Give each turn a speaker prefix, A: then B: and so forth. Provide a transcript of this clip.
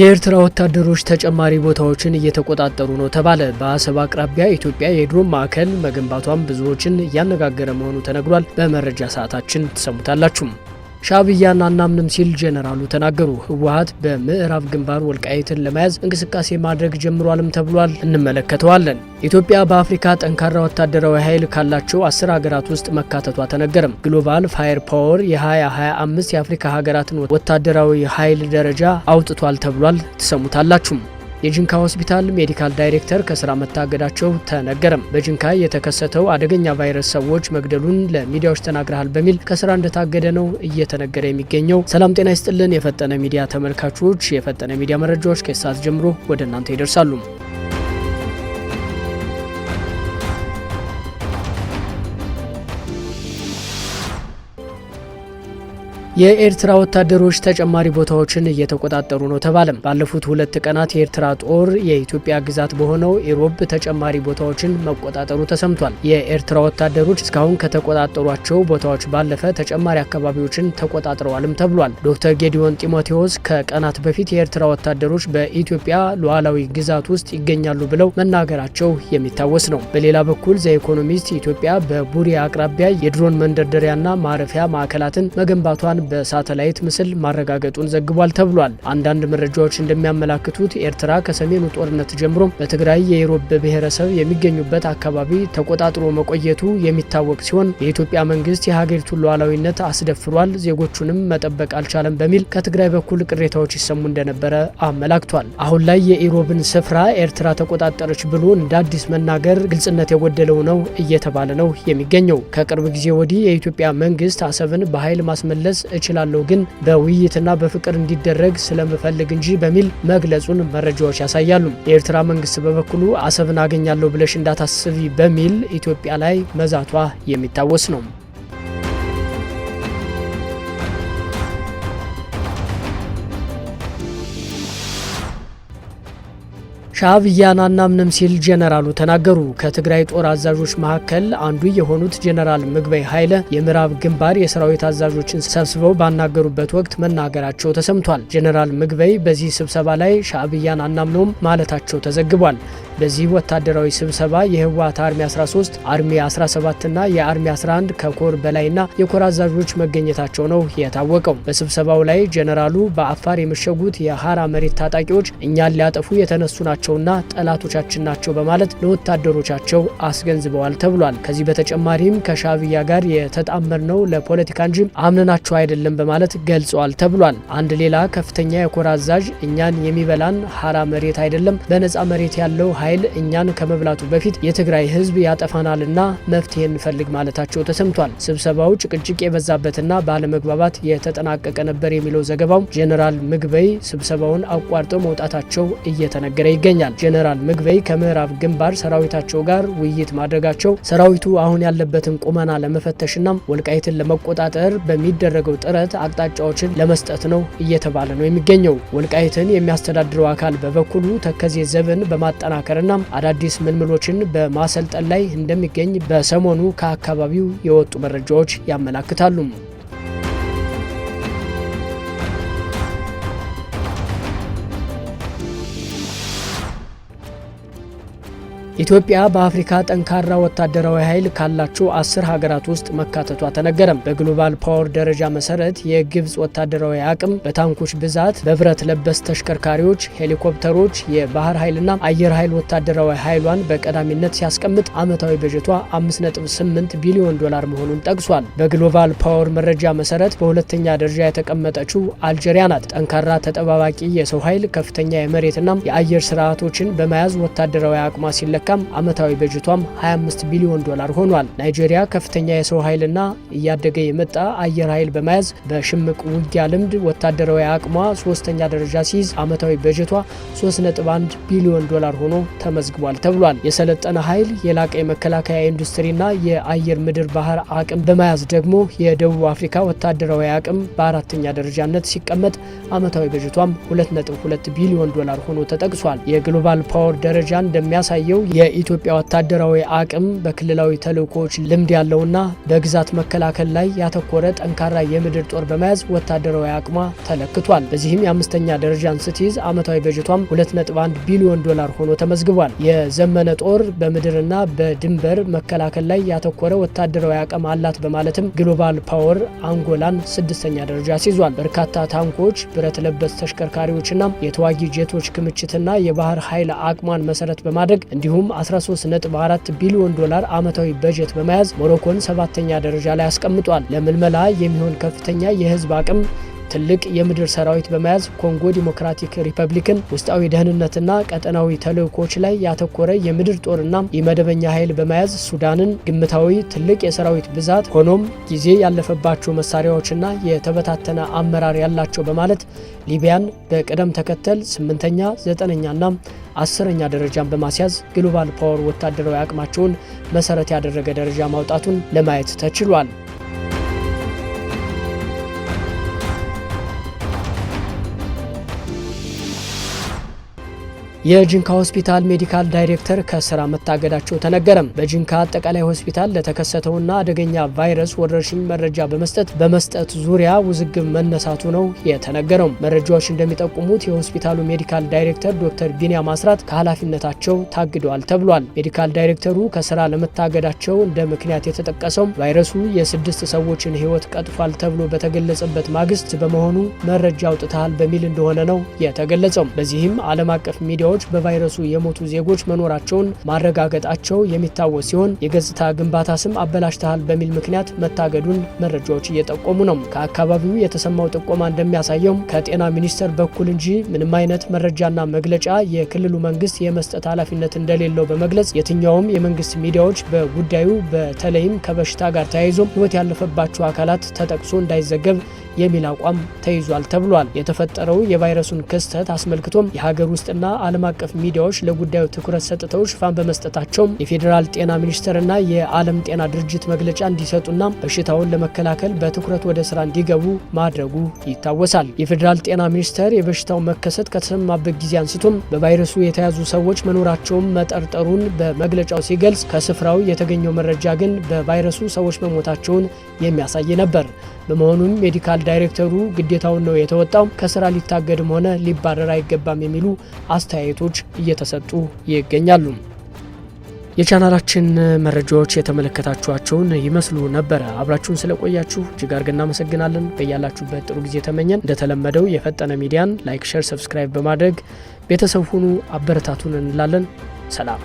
A: የኤርትራ ወታደሮች ተጨማሪ ቦታዎችን እየተቆጣጠሩ ነው ተባለ። በአሰብ አቅራቢያ ኢትዮጵያ የድሮን ማዕከል መገንባቷን ብዙዎችን እያነጋገረ መሆኑ ተነግሯል። በመረጃ ሰዓታችን ትሰሙታላችሁም። ሻዕቢያን አናምንም ሲል ጄኔራሉ ተናገሩ። ህወሀት በምዕራብ ግንባር ወልቃይትን ለመያዝ እንቅስቃሴ ማድረግ ጀምሯልም ተብሏል። እንመለከተዋለን። ኢትዮጵያ በአፍሪካ ጠንካራ ወታደራዊ ኃይል ካላቸው አስር ሀገራት ውስጥ መካተቷ ተነገረም። ግሎባል ፋየር ፓወር የ2025 የአፍሪካ ሀገራትን ወታደራዊ ኃይል ደረጃ አውጥቷል ተብሏል። ትሰሙታላችሁም። የጅንካ ሆስፒታል ሜዲካል ዳይሬክተር ከስራ መታገዳቸው ተነገረም። በጅንካ የተከሰተው አደገኛ ቫይረስ ሰዎች መግደሉን ለሚዲያዎች ተናግረሃል በሚል ከስራ እንደታገደ ነው እየተነገረ የሚገኘው። ሰላም ጤና ይስጥልን የፈጠነ ሚዲያ ተመልካቾች፣ የፈጠነ ሚዲያ መረጃዎች ከሰዓት ጀምሮ ወደ እናንተ ይደርሳሉ። የኤርትራ ወታደሮች ተጨማሪ ቦታዎችን እየተቆጣጠሩ ነው ተባለም። ባለፉት ሁለት ቀናት የኤርትራ ጦር የኢትዮጵያ ግዛት በሆነው ኢሮብ ተጨማሪ ቦታዎችን መቆጣጠሩ ተሰምቷል። የኤርትራ ወታደሮች እስካሁን ከተቆጣጠሯቸው ቦታዎች ባለፈ ተጨማሪ አካባቢዎችን ተቆጣጥረዋልም ተብሏል። ዶክተር ጌዲዮን ጢሞቴዎስ ከቀናት በፊት የኤርትራ ወታደሮች በኢትዮጵያ ሉዓላዊ ግዛት ውስጥ ይገኛሉ ብለው መናገራቸው የሚታወስ ነው። በሌላ በኩል ዘኢኮኖሚስት ኢትዮጵያ በቡሬ አቅራቢያ የድሮን መንደርደሪያና ማረፊያ ማዕከላትን መገንባቷን በሳተላይት ምስል ማረጋገጡን ዘግቧል ተብሏል። አንዳንድ መረጃዎች እንደሚያመላክቱት ኤርትራ ከሰሜኑ ጦርነት ጀምሮ በትግራይ የኢሮብ ብሔረሰብ የሚገኙበት አካባቢ ተቆጣጥሮ መቆየቱ የሚታወቅ ሲሆን የኢትዮጵያ መንግስት የሀገሪቱን ሉዓላዊነት አስደፍሯል፣ ዜጎቹንም መጠበቅ አልቻለም በሚል ከትግራይ በኩል ቅሬታዎች ይሰሙ እንደነበረ አመላክቷል። አሁን ላይ የኢሮብን ስፍራ ኤርትራ ተቆጣጠረች ብሎ እንደ አዲስ መናገር ግልጽነት የጎደለው ነው እየተባለ ነው የሚገኘው። ከቅርብ ጊዜ ወዲህ የኢትዮጵያ መንግስት አሰብን በኃይል ማስመለስ እችላለሁ፣ ግን በውይይትና በፍቅር እንዲደረግ ስለምፈልግ እንጂ በሚል መግለጹን መረጃዎች ያሳያሉ። የኤርትራ መንግስት በበኩሉ አሰብን አገኛለሁ ብለሽ እንዳታስቢ በሚል ኢትዮጵያ ላይ መዛቷ የሚታወስ ነው። ሻዕብያን አናምንም ሲል ጀነራሉ ተናገሩ። ከትግራይ ጦር አዛዦች መካከል አንዱ የሆኑት ጀነራል ምግበይ ኃይለ የምዕራብ ግንባር የሰራዊት አዛዦችን ሰብስበው ባናገሩበት ወቅት መናገራቸው ተሰምቷል። ጀነራል ምግበይ በዚህ ስብሰባ ላይ ሻዕብያን አናምነውም ማለታቸው ተዘግቧል። በዚህ ወታደራዊ ስብሰባ የህወሓት አርሚ 13 አርሚ 17 ና የአርሚ 11 ከኮር በላይ ና የኮር አዛዦች መገኘታቸው ነው የታወቀው። በስብሰባው ላይ ጀነራሉ በአፋር የመሸጉት የሀራ መሬት ታጣቂዎች እኛን ሊያጠፉ የተነሱ ናቸውና ጠላቶቻችን ናቸው በማለት ለወታደሮቻቸው አስገንዝበዋል ተብሏል። ከዚህ በተጨማሪም ከሻዕቢያ ጋር የተጣመርነው ለፖለቲካ እንጂ አምነናቸው አይደለም በማለት ገልጸዋል ተብሏል። አንድ ሌላ ከፍተኛ የኮር አዛዥ እኛን የሚበላን ሀራ መሬት አይደለም በነጻ መሬት ያለው ኃይል እኛን ከመብላቱ በፊት የትግራይ ህዝብ ያጠፋናልና መፍትሄ እንፈልግ ማለታቸው ተሰምቷል። ስብሰባው ጭቅጭቅ የበዛበትና ባለመግባባት የተጠናቀቀ ነበር የሚለው ዘገባው ጄኔራል ምግበይ ስብሰባውን አቋርጠው መውጣታቸው እየተነገረ ይገኛል። ጄኔራል ምግበይ ከምዕራብ ግንባር ሰራዊታቸው ጋር ውይይት ማድረጋቸው ሰራዊቱ አሁን ያለበትን ቁመና ለመፈተሽና ወልቃይትን ለመቆጣጠር በሚደረገው ጥረት አቅጣጫዎችን ለመስጠት ነው እየተባለ ነው የሚገኘው። ወልቃይትን የሚያስተዳድረው አካል በበኩሉ ተከዜ ዘብን በማጠናከር በማጠናከርና አዳዲስ ምልምሎችን በማሰልጠን ላይ እንደሚገኝ በሰሞኑ ከአካባቢው የወጡ መረጃዎች ያመላክታሉ። ኢትዮጵያ በአፍሪካ ጠንካራ ወታደራዊ ኃይል ካላቸው አስር ሀገራት ውስጥ መካተቷ ተነገረም። በግሎባል ፓወር ደረጃ መሰረት የግብፅ ወታደራዊ አቅም በታንኮች ብዛት፣ በብረት ለበስ ተሽከርካሪዎች፣ ሄሊኮፕተሮች፣ የባህር ኃይልና አየር ኃይል ወታደራዊ ኃይሏን በቀዳሚነት ሲያስቀምጥ ዓመታዊ በጀቷ 5.8 ቢሊዮን ዶላር መሆኑን ጠቅሷል። በግሎባል ፓወር መረጃ መሰረት በሁለተኛ ደረጃ የተቀመጠችው አልጄሪያ ናት። ጠንካራ ተጠባባቂ የሰው ኃይል፣ ከፍተኛ የመሬትና የአየር ስርዓቶችን በመያዝ ወታደራዊ አቅሟ ሲለ ስትጠቀም ዓመታዊ በጀቷም 25 ቢሊዮን ዶላር ሆኗል። ናይጄሪያ ከፍተኛ የሰው ኃይልና እያደገ የመጣ አየር ኃይል በመያዝ በሽምቅ ውጊያ ልምድ ወታደራዊ አቅሟ ሶስተኛ ደረጃ ሲይዝ ዓመታዊ በጀቷ 3.1 ቢሊዮን ዶላር ሆኖ ተመዝግቧል ተብሏል። የሰለጠነ ኃይል የላቀ የመከላከያ ኢንዱስትሪና የአየር ምድር ባህር አቅም በመያዝ ደግሞ የደቡብ አፍሪካ ወታደራዊ አቅም በአራተኛ ደረጃነት ሲቀመጥ ዓመታዊ በጀቷም 2.2 ቢሊዮን ዶላር ሆኖ ተጠቅሷል። የግሎባል ፓወር ደረጃ እንደሚያሳየው የኢትዮጵያ ወታደራዊ አቅም በክልላዊ ተልእኮዎች ልምድ ያለውና በግዛት መከላከል ላይ ያተኮረ ጠንካራ የምድር ጦር በመያዝ ወታደራዊ አቅሟ ተለክቷል። በዚህም የአምስተኛ ደረጃን ስትይዝ ዓመታዊ በጀቷም 2.1 ቢሊዮን ዶላር ሆኖ ተመዝግቧል። የዘመነ ጦር በምድርና በድንበር መከላከል ላይ ያተኮረ ወታደራዊ አቅም አላት በማለትም ግሎባል ፓወር አንጎላን ስድስተኛ ደረጃ ሲዟል። በርካታ ታንኮች፣ ብረት ለበስ ተሽከርካሪዎችና የተዋጊ ጄቶች ክምችትና የባህር ኃይል አቅሟን መሰረት በማድረግ እንዲሁም እንዲሁም 13.4 ቢሊዮን ዶላር ዓመታዊ በጀት በመያዝ ሞሮኮን ሰባተኛ ደረጃ ላይ አስቀምጧል። ለምልመላ የሚሆን ከፍተኛ የህዝብ አቅም ትልቅ የምድር ሰራዊት በመያዝ ኮንጎ ዲሞክራቲክ ሪፐብሊክን ውስጣዊ ደህንነትና ቀጠናዊ ተልዕኮች ላይ ያተኮረ የምድር ጦርና የመደበኛ ኃይል በመያዝ ሱዳንን ግምታዊ ትልቅ የሰራዊት ብዛት ሆኖም ጊዜ ያለፈባቸው መሳሪያዎችና የተበታተነ አመራር ያላቸው በማለት ሊቢያን በቅደም ተከተል ስምንተኛ ዘጠነኛና አስረኛ ደረጃን በማስያዝ ግሎባል ፓወር ወታደራዊ አቅማቸውን መሰረት ያደረገ ደረጃ ማውጣቱን ለማየት ተችሏል። የጅንካ ሆስፒታል ሜዲካል ዳይሬክተር ከስራ መታገዳቸው ተነገረም። በጅንካ አጠቃላይ ሆስፒታል ለተከሰተውና አደገኛ ቫይረስ ወረርሽኝ መረጃ በመስጠት በመስጠት ዙሪያ ውዝግብ መነሳቱ ነው የተነገረው። መረጃዎች እንደሚጠቁሙት የሆስፒታሉ ሜዲካል ዳይሬክተር ዶክተር ቢኒያ ማስራት ከኃላፊነታቸው ታግደዋል ተብሏል። ሜዲካል ዳይሬክተሩ ከስራ ለመታገዳቸው እንደ ምክንያት የተጠቀሰው ቫይረሱ የስድስት ሰዎችን ህይወት ቀጥፏል ተብሎ በተገለጸበት ማግስት በመሆኑ መረጃ አውጥተሃል በሚል እንደሆነ ነው የተገለጸው። በዚህም ዓለም አቀፍ ሚዲያ ፋብሪካዎች በቫይረሱ የሞቱ ዜጎች መኖራቸውን ማረጋገጣቸው የሚታወስ ሲሆን የገጽታ ግንባታ ስም አበላሽተሃል በሚል ምክንያት መታገዱን መረጃዎች እየጠቆሙ ነው። ከአካባቢው የተሰማው ጥቆማ እንደሚያሳየው ከጤና ሚኒስቴር በኩል እንጂ ምንም አይነት መረጃና መግለጫ የክልሉ መንግስት የመስጠት ኃላፊነት እንደሌለው በመግለጽ የትኛውም የመንግስት ሚዲያዎች በጉዳዩ በተለይም ከበሽታ ጋር ተያይዞ ህይወት ያለፈባቸው አካላት ተጠቅሶ እንዳይዘገብ የሚል አቋም ተይዟል ተብሏል። የተፈጠረው የቫይረሱን ክስተት አስመልክቶም የሀገር ውስጥና ዓለም አቀፍ ሚዲያዎች ለጉዳዩ ትኩረት ሰጥተው ሽፋን በመስጠታቸውም የፌዴራል ጤና ሚኒስቴርና የዓለም ጤና ድርጅት መግለጫ እንዲሰጡና በሽታውን ለመከላከል በትኩረት ወደ ስራ እንዲገቡ ማድረጉ ይታወሳል። የፌዴራል ጤና ሚኒስቴር የበሽታው መከሰት ከተሰማበት ጊዜ አንስቶም በቫይረሱ የተያዙ ሰዎች መኖራቸውን መጠርጠሩን በመግለጫው ሲገልጽ ከስፍራው የተገኘው መረጃ ግን በቫይረሱ ሰዎች መሞታቸውን የሚያሳይ ነበር። በመሆኑም ሜዲካል ዳይሬክተሩ ግዴታውን ነው የተወጣው፣ ከስራ ሊታገድም ሆነ ሊባረር አይገባም የሚሉ አስተያየቶች እየተሰጡ ይገኛሉ። የቻናላችን መረጃዎች የተመለከታችኋቸውን ይመስሉ ነበረ። አብራችሁን ስለቆያችሁ እጅግ አድርገን እናመሰግናለን። በያላችሁበት ጥሩ ጊዜ ተመኘን። እንደተለመደው የፈጠነ ሚዲያን ላይክ፣ ሸር፣ ሰብስክራይብ በማድረግ ቤተሰብ ሁኑ፣ አበረታቱን እንላለን። ሰላም